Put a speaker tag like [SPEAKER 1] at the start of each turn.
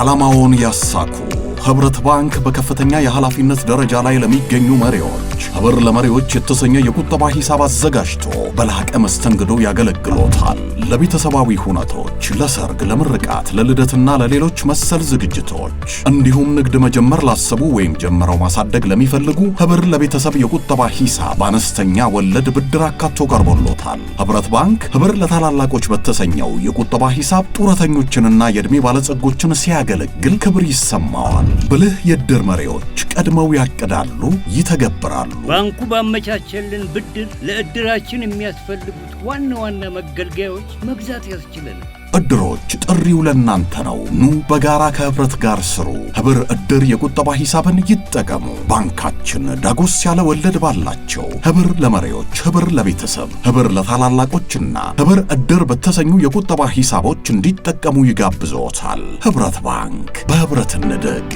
[SPEAKER 1] ዓላማውን ያሳኩ። ህብረት ባንክ በከፍተኛ የኃላፊነት ደረጃ ላይ ለሚገኙ መሪዎች ሰዎች ኅብር ለመሪዎች የተሰኘ የቁጠባ ሂሳብ አዘጋጅቶ በላቀ መስተንግዶ ያገለግሎታል። ለቤተሰባዊ ሁነቶች፣ ለሰርግ፣ ለምርቃት፣ ለልደትና ለሌሎች መሰል ዝግጅቶች እንዲሁም ንግድ መጀመር ላሰቡ ወይም ጀምረው ማሳደግ ለሚፈልጉ ህብር ለቤተሰብ የቁጠባ ሂሳብ አነስተኛ ወለድ ብድር አካቶ ቀርቦሎታል። ህብረት ባንክ ህብር ለታላላቆች በተሰኘው የቁጠባ ሂሳብ ጡረተኞችንና የዕድሜ ባለጸጎችን ሲያገለግል ክብር ይሰማዋል። ብልህ የዕድር መሪዎች ቀድመው ያቅዳሉ፣ ይተገብራሉ።
[SPEAKER 2] ባንኩ ባመቻቸልን ብድር ለእድራችን የሚያስፈልጉት ዋና ዋና መገልገያዎች መግዛት ያስችለን።
[SPEAKER 1] እድሮች ጥሪው ለእናንተ ነው። ኑ በጋራ ከህብረት ጋር ስሩ። ህብር እድር የቁጠባ ሂሳብን ይጠቀሙ። ባንካችን ዳጎስ ያለ ወለድ ባላቸው ህብር ለመሪዎች፣ ህብር ለቤተሰብ፣ ህብር ለታላላቆችና ህብር እድር በተሰኙ የቁጠባ ሂሳቦች እንዲጠቀሙ ይጋብዘዎታል። ህብረት ባንክ በህብረት እንደግ።